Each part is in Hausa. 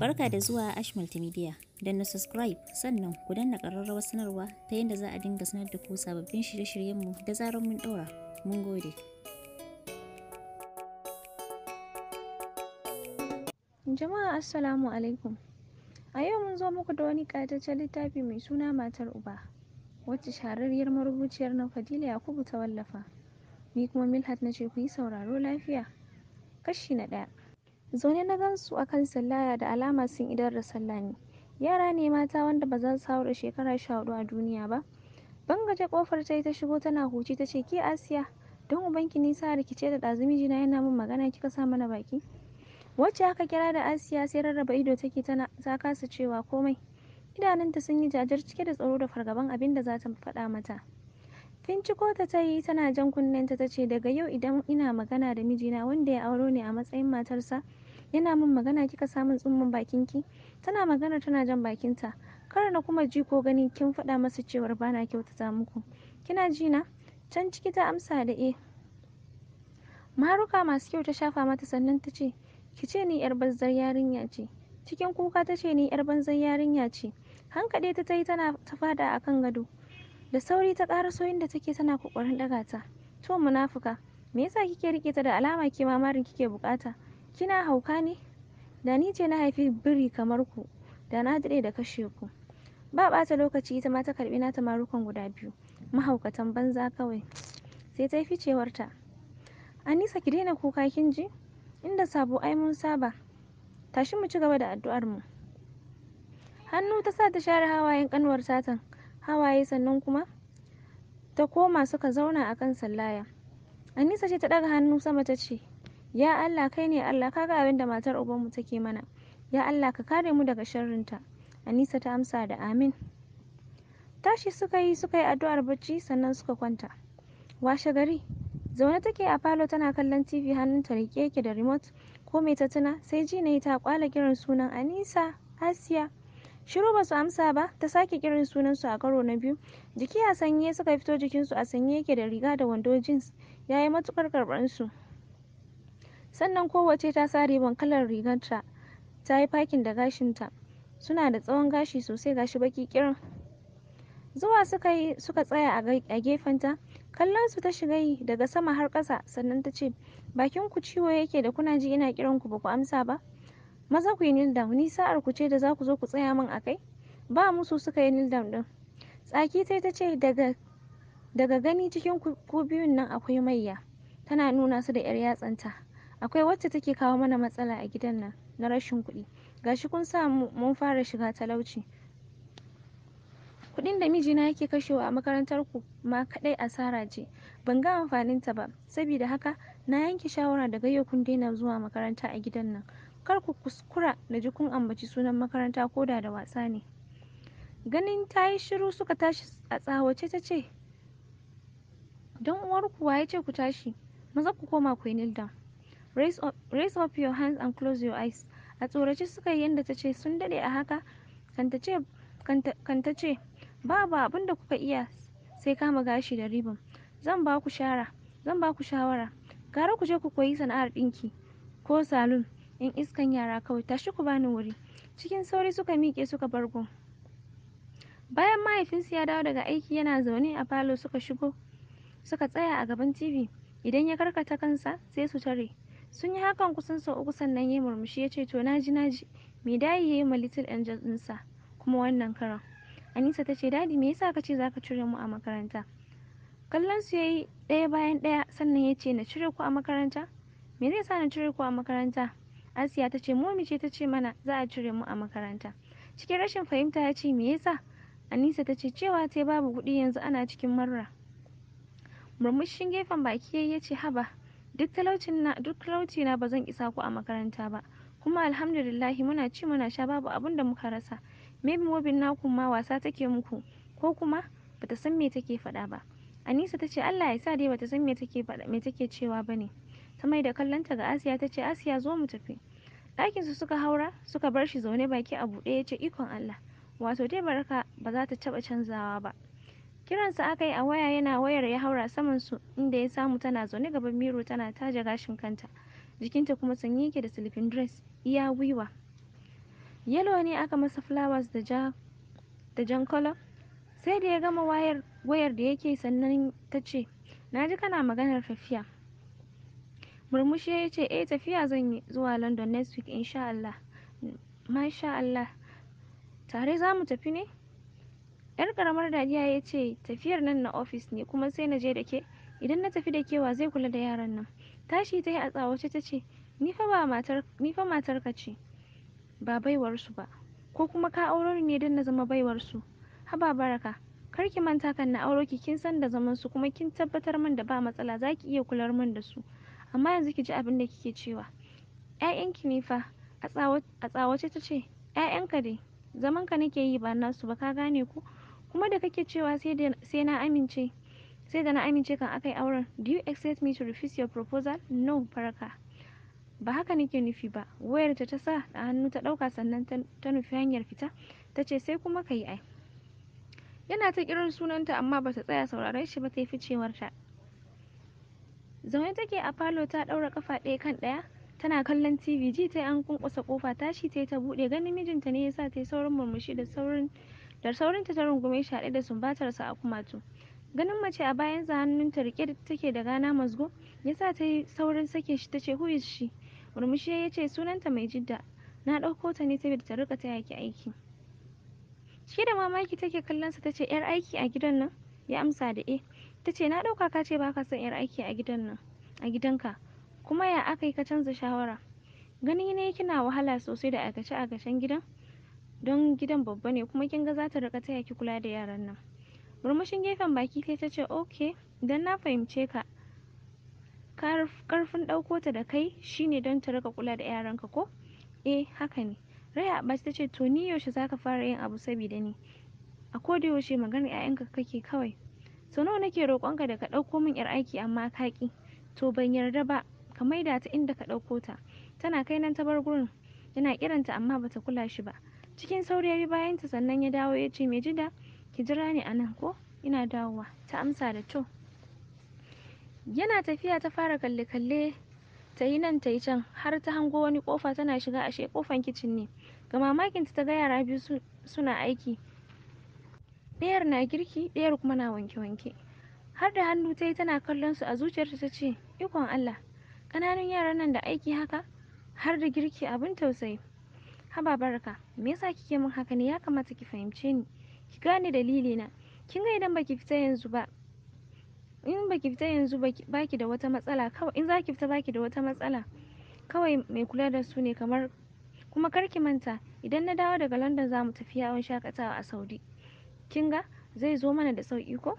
Barka da zuwa Ash Multimedia. Don na subscribe sannan ku danna ƙararrawar sanarwa ta yadda za a dinga sanar da ku sababbin shirye-shiryenmu da zarar mun ɗora. Mun gode. Jama'a Assalamu alaikum. A yau mun zo muku da wani ƙataccen littafi mai suna Matar Uba, wacce shahararriyar marubuciyar na Fadila Yakubu ta wallafa. Ni kuma Milhat na ce ku yi sauraro lafiya. Kashi na ɗaya. Zaune na gansu a kan sallaya da alama sun idar da sallah ne. Yara ne mata wanda ba za su haura shekara sha hudu a duniya ba. Bangaje ƙofar ta yi ta shigo tana huci ta ce ke Asiya don ubanki nisa rikice da ɗazu mijina yana min magana kika sa mana baki. Wacce aka kira da Asiya sai rarraba ido take tana ta kasa cewa komai. Idanunta sun yi jajar cike da tsaro da fargaban abin da za ta faɗa mata. Finciko ta ta yi tana jan kunnenta ta ce daga yau idan ina magana da mijina wanda ya auro ni a matsayin matarsa yana min magana kika samun tsumman ki tana magana tana jan bakin ta kar na kuma ji ko gani kin faɗa masa cewar bana kyautata muku kina ji na can ciki ta amsa da e maruka masu kyau ta shafa mata sannan ta ce ki ce ni yar banzar yarinya ce cikin kuka ta ce ni yar banzar yarinya ce hankali ta ta yi tana ta fada akan gado da sauri ta ƙaraso inda take tana kokarin ɗaga ta to munafuka me yasa kike rike ta da alama ke mamarin kike bukata Kina hauka ne? Da ni ce na haifi biri kamar ku, da na daɗe da kashe ku. Ba ɓata lokaci ita ma ta karɓi nata marukan guda biyu. Mahaukatan banza kawai. Sai ta yi ficewarta. Anisa ki daina kuka kin ji? Inda sabo ai mun saba. Tashi mu ci gaba da addu'ar mu. Hannu ta sa ta share hawayen kanwar tatan. Hawaye sannan kuma ta koma suka zauna akan sallaya. Anisa ce ta ɗaga hannu sama ta ce, Ya Allah kai ne Allah ka ga abin da matar ubanmu take mana. Ya Allah ka kare mu daga sharrinta. Anisa ta amsa da amin. Tashi suka yi suka yi addu'ar bacci sannan suka kwanta. Washe gari zaune take a falo tana kallon TV hannunta rike yake da remote ko mai ta tuna sai ji na ta kwala kiran sunan Anisa Asiya. Shiru ba su amsa ba ta sake kiran su a karo na biyu. Jiki a sanye suka fito jikin su a sanye yake da riga da wando jeans ya yi matukar karɓar su. sannan kowace ta sa ban kalar rigar ta yi fakin da gashinta suna da tsawon gashi sosai gashi baki kirin zuwa suka yi suka tsaya a gefenta kallon su ta shiga yi daga sama har kasa sannan ta ce bakin ku ciwo yake da kuna ji ina kiran ku baku amsa ba maza ku yi kneel down ni sa'ar ku ce da za ku zo ku tsaya min a kai ba musu suka yi kneel din tsaki sai ta ce daga daga gani cikin ku biyun nan akwai mayya tana nuna su da yar yatsanta akwai wacce take kawo mana matsala a gidan nan na rashin kuɗi gashi kun sa mun fara shiga talauci kuɗin da mijina yake kashewa a makarantar ku ma kaɗai asara ce ban ga amfanin ta ba saboda haka na yanke shawara da yau kun daina zuwa makaranta a gidan nan kar ku kuskura na ji kun ambaci sunan makaranta ko da da wasa ne ganin ta yi shiru suka tashi a tsawace ta ce don uwarku waye ce ku tashi maza ku koma ku yi nildan Raise up your hands and close your eyes. A tsorace suka yi yadda ta ce sun daɗe a haka, kan ce, Babu abin da kuka iya sai kama gashi da ribon. Zan ba ku shawara. Gara ku je ku koyi sana'ar ɗinki ko salon in iskan yara kawai tashi ku bani wuri. Cikin sauri suka miƙe suka bargo. Bayan mahaifinsu ya dawo daga aiki yana zaune a falo suka shigo suka tsaya a gaban TV. Idan ya karkata kansa sai su tare. Sun yi hakan kusan sau uku sannan ya yi murmushi ya ce, To, na ji, na ji. Me dayi ya yi ma Little Angel ɗinsa, kuma wannan karan. Anisa ta ce, Dadi, me yasa ka ce za ka cire mu a makaranta? Kallon su ya yi ɗaya bayan ɗaya sannan ya ce, Na cire ku a makaranta? Me zai sa na cire ku a makaranta? Asiya ta ce, Momi ce ta ce mana za a cire mu a makaranta. Cikin rashin fahimta ya ce, Me yasa? Anisa ta ce, Cewa ta babu kuɗi yanzu ana cikin marra. Murmushin gefen baki ya ce, Haba, duk talaucin duk talauci na ba zan isa ku a makaranta ba kuma alhamdulillahi muna ci muna sha babu abin da muka rasa maybe mobin naku ma wasa take muku ko kuma bata san me take faɗa ba anisa tace allah ya sa dai bata san me take me take cewa ba ne ta mai da kallonta ga asiya tace asiya zo mu tafi ɗakin su suka haura suka bar shi zaune baki a buɗe ya ce ikon allah wato dai baraka ba za ta taɓa canzawa ba Kiransa aka yi a waya yana wayar ya haura saman su inda ya samu tana zaune gaban miro tana taje gashin kanta. Jikinta kuma sanye yake da silifin dress iya gwiwa. Yalo ne aka masa flowers da ja da jan color. Sai da ya gama wayar wayar da yake sannan ta ce, "Na ji kana maganar tafiya." Murmushi ya ce, "Eh tafiya zan yi zuwa London next week insha Allah." Masha Allah. Tare za mu tafi ne? Yar karamar dadiya ya ce, tafiyar nan na ofis ne kuma sai na je da ke, idan na tafi da kewa zai kula da yaran nan. Tashi ta yi a tsawace ta ce, ni fa ka ce, ba su ba, ko kuma ka auro ni ne don na zama su Haba baraka, kar ki manta kan na auro ki kin san da zaman su kuma kin tabbatar min da ba matsala za ki iya kular min da su. Amma yanzu ki ji abin da kike cewa. ƴaƴanki ne fa, a tsawace ta ce, ‘ya'yanka dai, zaman ka nake yi ba nasu ba ka gane ko Kuma da kake cewa sai na amince, sai da na amince kan aka yi auren. Do you expect me to refuse your proposal? No, farka. Ba haka nake nufi ba. Wayarta ta sa da hannu ta ɗauka sannan ta nufi hanyar fita. Ta ce sai kuma ka yi ai. Yana ta kiran sunanta amma ba ta tsaya sauraron shi ba ta yi ficewarta. Zaune take a falo ta ɗaura kafa ɗaya kan ɗaya. Tana kallon TV ji ta yi an kunkusa kofa tashi ta yi ta buɗe ganin mijinta ne ya sa ta yi saurin murmushi da saurin da saurinta ta rungume shi haɗe da sumbatarsa a kumatu ganin mace a bayan hannunta rike da take da gana mazgo yasa sa ta yi saurin sake shi ta ce who is she murmushi ya ce sunanta mai jidda na ɗauko ta ne saboda ta rika ta ki aiki shi da mamaki take kallon sa tace yar aiki a gidan nan ya amsa da eh tace na ɗauka ka ce baka son yar aiki a gidan nan a gidanka kuma ya aka yi ka canza shawara gani ne kina wahala sosai da aikace agacen gidan don gidan babba ne kuma kin ga za ta rika taya ki kula da yaran nan murmushin gefen baki sai ta ce ok don na fahimce ka karfin ɗauko ta da kai shine don ta rika kula da yaranka ko eh haka ne raya abbas ta ce to ni yaushe zaka fara yin abu saboda ni a koda yaushe maganar 'ya'yanka kake kawai sau nawa nake roƙonka da ka ɗauko min 'yar aiki amma ka ƙi to ban yarda ba ka maida ta inda ka ɗauko ta tana kai nan ta bar gurin yana kiranta amma bata kula shi ba cikin sauri ya bi bayanta sannan ya dawo ya ce mai jida ki jira ni a nan ko ina dawowa ta amsa da to yana tafiya ta fara kalle-kalle ta yi nan ta yi can har ta hango wani kofa tana shiga ashe kofan kicin ne ga mamakinta ta ga yara biyu suna aiki ɗayar na girki ɗayar kuma na wanke-wanke har da hannu ta yi tana kallon su a zuciyarta ta ce ikon allah ƙananun yaran nan da aiki haka har da girki abin tausayi Haba barka me yasa kike min haka ne? Ya kamata ki fahimce ni. Ki gane dalili na. Kin ga idan baki fita yanzu ba in baki fita yanzu baki da wata matsala kawai in zaki fita baki da wata matsala kawai mai kula da su ne kamar kuma kar ki manta idan na dawo daga London za mu tafi yawon shakatawa a Saudi. Kin ga zai zo mana da sauki ko?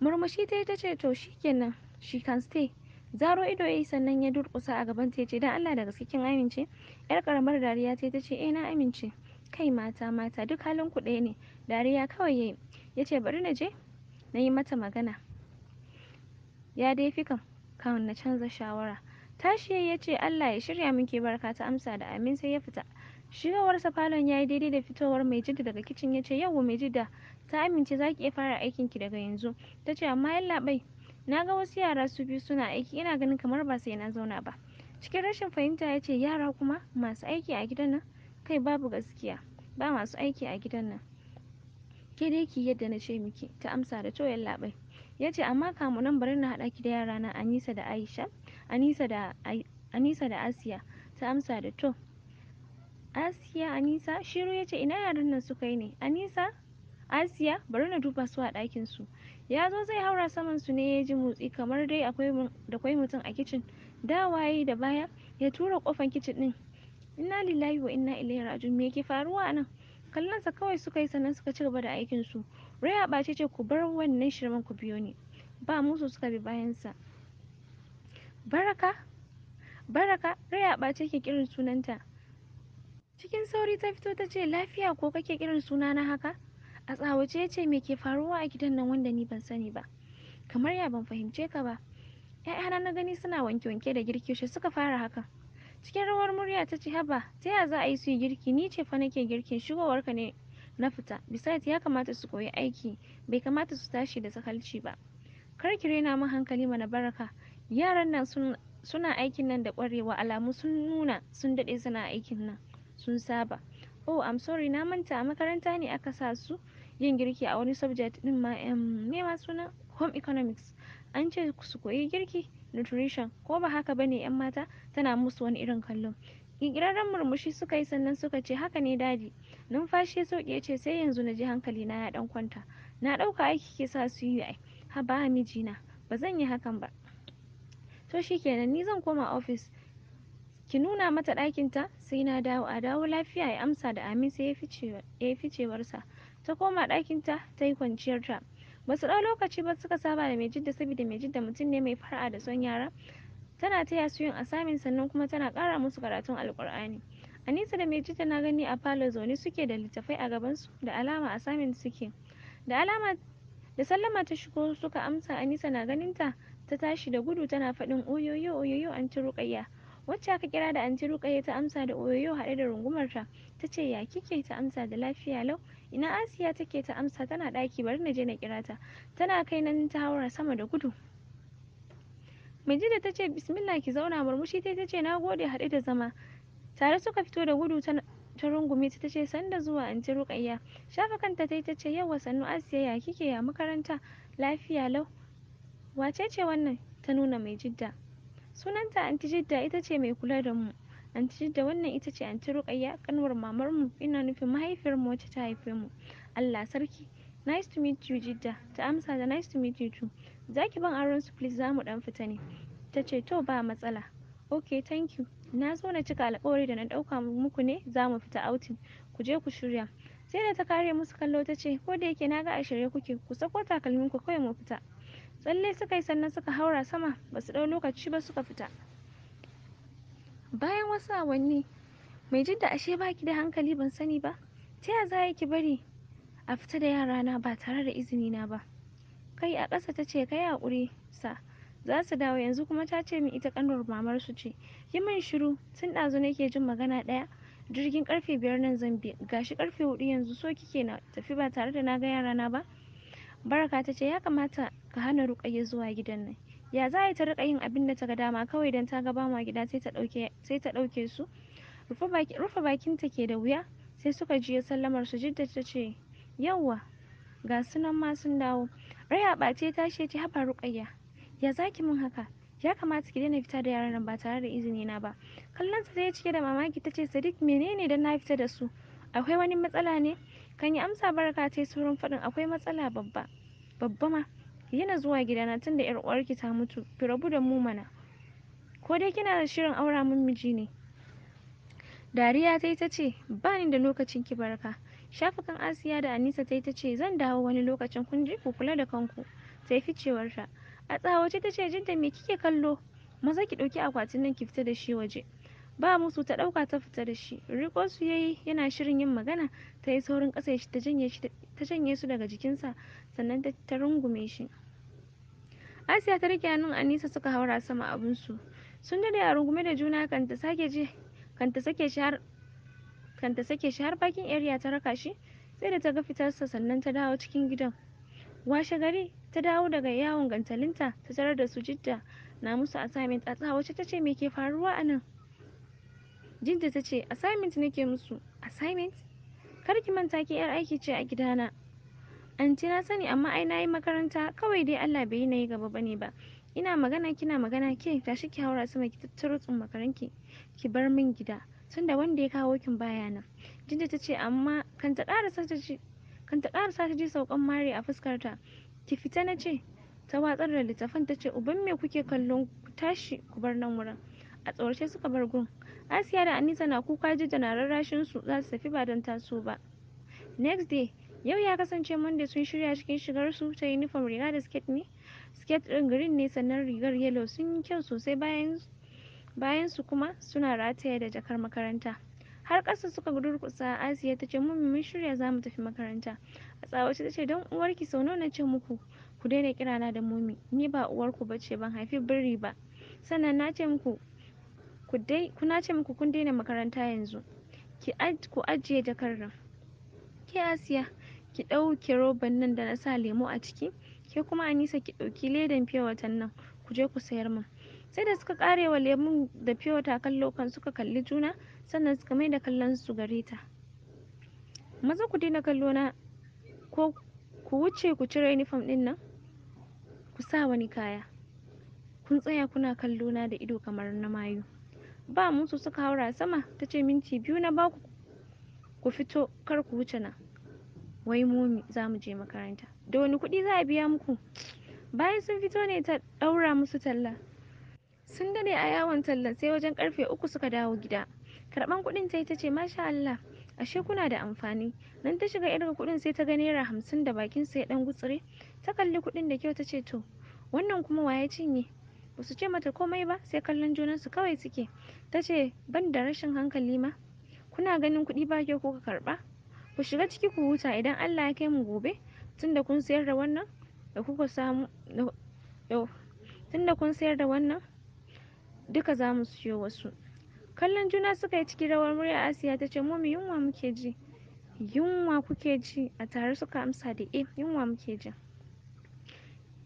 Murmushi ta yi ce to shikenan she can stay. zaro ido yayi sannan ya durƙusa a gaban ta yace dan Allah da gaske kin amince yar karamar dariya ce tace eh na amince kai mata mata duk halin ku ɗaya ne dariya kawai yayi yace bari na je na yi mata magana ya dai fi kan na canza shawara tashi ya ce Allah ya shirya miki barka ta amsa da amin sai ya fita shigowarsa falon ya yi daidai da fitowar mai jidda daga kicin ya ce yau mai jidda ta amince za ki iya fara aikin ki daga yanzu ta ce amma yallaɓai Na ga wasu yara su biyu suna aiki ina ganin kamar ba sai na zauna ba. Cikin rashin fahimta ya ce yara kuma masu aiki a gidan nan? Kai babu gaskiya ba masu aiki a gidan nan. Ke dai ki yadda na ce miki ta amsa da to labai. Ya ce amma kamu nan bari na haɗa ki da yarana Anisa da Aisha, Anisa da Anisa da Asiya ta amsa da to. Asiya Anisa shiru ya ce ina yaran nan suka yi ne? Anisa Asiya bari na duba su a ɗakin su. ya zo zai haura saman su ne ya ji motsi kamar dai da kwai mutum a kicin da waye da baya ya tura kofan kicin din inna lillahi wa inna ilaihi raji'un me yake faruwa nan kallon sa kawai suka yi sannan suka ci gaba da aikin su raya ɓace ce ku bar wannan shirman ku biyo ni ba musu suka bi bayan sa baraka baraka raya ɓace ke kirin sunanta cikin sauri ta fito ta ce lafiya ko kake kirin na haka A tsawace ya ce me ke faruwa a gidan nan wanda ni ban sani ba. Kamar ya ban fahimce ka ba. ‘Ya'yana na gani suna wanke-wanke da girki shi suka fara hakan. Cikin rawar murya ta ce haba ta ya za a yi su yi girki ni ce fa nake girkin shigowarka ne na fita. Besides ya kamata su koyi aiki bai kamata su tashi da sakalci ba. Kar ki raina min hankali mana baraka. Yaran nan sun suna aikin nan da ƙwarewa alamu sun nuna sun daɗe suna aikin nan sun saba. Oh, I'm sorry, na manta a makaranta ne aka sa su yin girki a wani subject din ma, um, me ma suna home economics. An ce su koyi girki, nutrition, ko ba haka ba ne 'yan mata tana musu wani irin kallon. Ƙirƙirarren murmushi suka yi sannan suka ce haka ne dadi. Numfashi ya ya ce sai yanzu na ji hankali na ya ɗan kwanta. Na ɗauka aiki ke sa su yi ai. Haba mijina, ba zan yi hakan ba. To shi kenan ni zan koma ofis. ki nuna mata ɗakinta sai na dawo a dawo lafiya ya amsa da amin sai ya fi cewarsa ta koma ɗakinta ta yi kwanciyarta ba su ɗau lokaci ba suka saba da mai jidda saboda mai jidda mutum ne mai fara da son yara tana taya su yin asamin sannan kuma tana ƙara musu karatun alƙur'ani anisa da mai jidda na gani a falo zaune suke da littafai a gabansu da alama asamin suke da alama da sallama ta shigo suka amsa anisa na ganinta ta tashi da gudu tana faɗin oyoyo oyoyo an ci ruƙayya wacce aka kira da anti rukaye ta amsa da oyoyo haɗe da rungumarta ta ce ya kike ta amsa da lafiya lau ina asiya take ta amsa tana ɗaki bari na je na kira ta tana kai nan ta haura sama da gudu Majida ta ce bismillah ki zauna murmushi ta ce na gode haɗe da zama tare suka fito da gudu ta rungume ta ce sanda zuwa anti rukayya shafa kanta ta ta ce yawa sannu asiya ya kike ya makaranta lafiya lau wace ce wannan ta nuna mai jidda sunanta anti jidda ita ce mai kula da mu anti jidda wannan ita ce anti ruqayya kanwar mamar mu ina nufin mahaifiyar mu wacce ta haife mu Allah sarki nice to meet you jidda ta amsa da nice to meet you too zaki ban aron su please zamu dan fita ne ta ce to ba matsala okay thank you na zo na cika alƙawari da na dauka muku ne zamu fita outing ku je ku shirya sai da ta kare musu kallo ta ce ko da yake na ga a shirye kuke ku sako takalmin ku kawai mu fita tsalle suka yi sannan suka haura sama ba su ɗau lokaci ba suka fita bayan wasu awanni mai jidda ashe baki da hankali ban sani ba ta ya za ki bari a fita da yarana ba tare da izini na ba kai a ƙasa ta ce kai haƙuri sa za su dawo yanzu kuma ta ce min ita ƙanwar mamar su ce yi min shiru tun ɗazu nake jin magana ɗaya jirgin karfe biyar nan zan bi gashi karfe hudu yanzu so kike na tafi ba tare da na ga yarana ba Baraka ta ce ya kamata ka hana Rukayya zuwa gidan nan. Ya za ta rika yin abin da ta ga dama kawai dan ta ga ba ma gida sai ta ɗauke sai ta ɗauke su. Rufe bakinta ke da wuya sai suka jiyo sallamar su jidda ta ce yawwa ga sunan ma sun dawo. Raya ɓace ta ce ta haba Rukayya. Ya za ki mun haka? Ya kamata ki daina fita da yaran nan ba tare da izini na ba. Kallon ta ya cike da mamaki ta ce Sadiq menene dan na fita da su? Akwai wani matsala ne? kan yi amsa barka ta yi saurin faɗin akwai matsala babba babba ma yana zuwa gidana tunda yar uwarki ta mutu fi rabu da mu mana ko dai kina da shirin aura min miji ne dariya ta yi ta ce ba ni da lokacin ki barka shafukan asiya da anisa ta yi ta ce zan dawo wani lokacin kun ji ku kula da kanku ta yi ficewarta a tsawace ta ce jinta me kike kallo maza ki ɗauki akwatin nan ki fita da shi waje ba musu ta ɗauka ta fita da shi riko su yayi yana shirin yin magana ta yi saurin kasa shi ta janye su daga jikinsa sannan ta rungume shi asiya ta rike hannun anisa suka haura sama su sun dade a rungume da juna kan sake je kan sake shi har kan sake shi har bakin area ta raka shi sai da ta ga fitarsa sannan ta dawo cikin gidan washe gari ta dawo daga yawon gantalinta ta tarar da su jidda na musu assignment a tsawace ta ce me ke faruwa a nan jidda ta ce assignment nake musu assignment kar ki manta ki yar aiki ce a gidana anti na sani amma ai yi makaranta kawai dai Allah bai yi nayi gaba bane ba ina magana kina magana ke tashi ki haura sama ki tattaro tsumakaranki ki bar min gida tunda wanda ya kawo kin baya nan jidda ta ce amma kan ta ta ce ji saukan mare a fuskar ta ki fita na ce ta watsar da littafan ta ce uban me kuke kallon tashi ku bar nan wurin a tsorace suka bar gun Asiya da Anisa na kuka jidda na rarrashin su za su tafi ba don taso ba. Next day, yau ya kasance Monday sun shirya cikin shigar su ta uniform riga da skirt ne. Skirt ɗin green ne sannan rigar yellow sun yi kyau sosai bayan bayan su kuma suna rataye da jakar makaranta. Har ƙasa suka durƙusa Asiya ta ce mun mun shirya za mu tafi makaranta. A tsawace ta ce don uwarki sau nawa na ce muku ku daina kirana da mumi ni ba uwarku bace ban haifi biri ba. Sannan na ce muku ku dai kuna ce muku kun daina makaranta yanzu ki ku ajiye jakar ki ke asiya ki ɗauke roban nan da na sa lemo a ciki ke kuma anisa ki ɗauki ledan watan nan ku je ku sayar min sai da suka karewa lemun da fiyawata kallo kan suka kalli juna sannan suka mai da kallon su gare ta maza ku daina kallo na ko ku wuce ku cire uniform din nan ku sa wani kaya kun tsaya kuna kallo na da ido kamar na mayu ba musu suka haura sama ta ce minti biyu na baku ku fito kar ku wuce nan wai momi za mu je makaranta da wani kuɗi za a biya muku bayan sun fito ne ta ɗaura musu talla sun dade a yawon talla sai wajen karfe uku suka dawo gida karɓan kuɗin ta yi ta ce masha Allah ashe kuna da amfani nan ta shiga irga kuɗin sai ta ga naira hamsin da bakin sa ya ɗan gutsire ta kalli kuɗin da kyau ta ce to wannan kuma wa ya cinye ba su ce mata komai ba sai kallon junansu kawai suke ta ce ban da rashin hankali ma kuna ganin kuɗi ba ke kuka karɓa ku shiga ciki ku huta idan allah ya kai mu gobe tunda kun sayar da wannan da kuka samu tunda kun sayar da wannan duka za mu siyo wasu kallon juna suka yi ciki rawar murya asiya ta ce mu yunwa muke ji yunwa kuke ji a tare suka amsa da e yunwa muke ji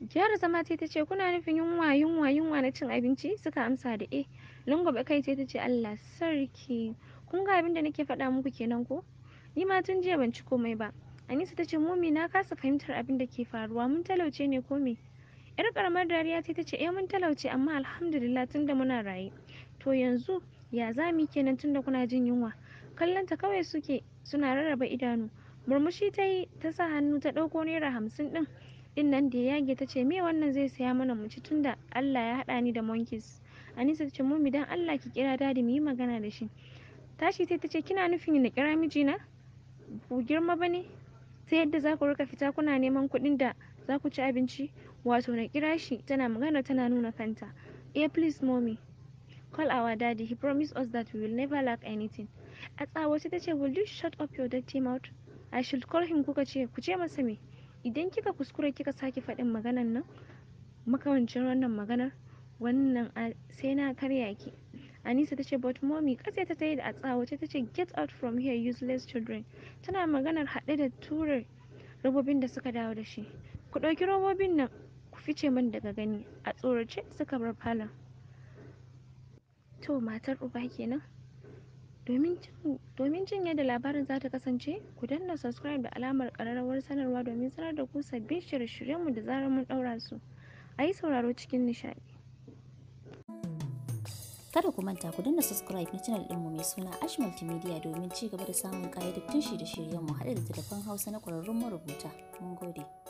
gyara zama ce ta ce kuna nufin yunwa yunwa yunwa na cin abinci suka amsa da eh lungobe kai ce ta ce allah sarki kun ga abin da nake faɗa muku kenan ko ni ma tun jiya ban ci komai ba anisa ta ce mumi na kasa fahimtar abin da ke faruwa mun talauce ne ko me yar karamar dariya ce ta ce eh mun talauce amma alhamdulillah tun da muna raye to yanzu ya za mu kenan tun da kuna jin yunwa kallon kawai suke suna rarraba idanu murmushi ta yi ta sa hannu ta ɗauko naira hamsin ɗin din da ya yage ta ce me wannan zai saya mana mu ci tunda Allah ya hada ni da monkeys Anisa ta ce mummy dan Allah ki kira dadi mu yi magana da shi tashi sai ta ce kina nufin na kira mijina ku girma bane sai yadda za ku rika fita kuna neman kuɗin da za ku ci abinci wato na kira shi tana magana tana nuna kanta eh please mommy call our daddy he promised us that we will never lack anything a tsawo sai ta ce will you shut up your dirty mouth i should call him kuka ce ku ce masa me idan kika kuskura kika sake faɗin maganan nan makamancin wannan maganar wannan sai na karya ki anisa ta ce but mommy kasa ta tayi da a tsawace ta ce get out from here useless children tana maganar haɗe da ture robobin da suka dawo da shi ku ɗauki robobin nan ku fice min daga gani a tsorace suka bar falon to matar uba kenan domin jin Domin jin yadda labarin za ta kasance, ku danna subscribe da alamar ƙararrawar sanarwa domin sanar da ku sabbin shirye-shiryenmu da zarar mun ɗaura su. A yi sauraro cikin nishaɗi. Kada ku manta ku danna subscribe na channel ɗinmu mai suna Ash Multimedia domin ci gaba da samun ƙayyadattun shirye-shiryenmu haɗe da telefon Hausa na ƙwararrun marubuta. Mun gode.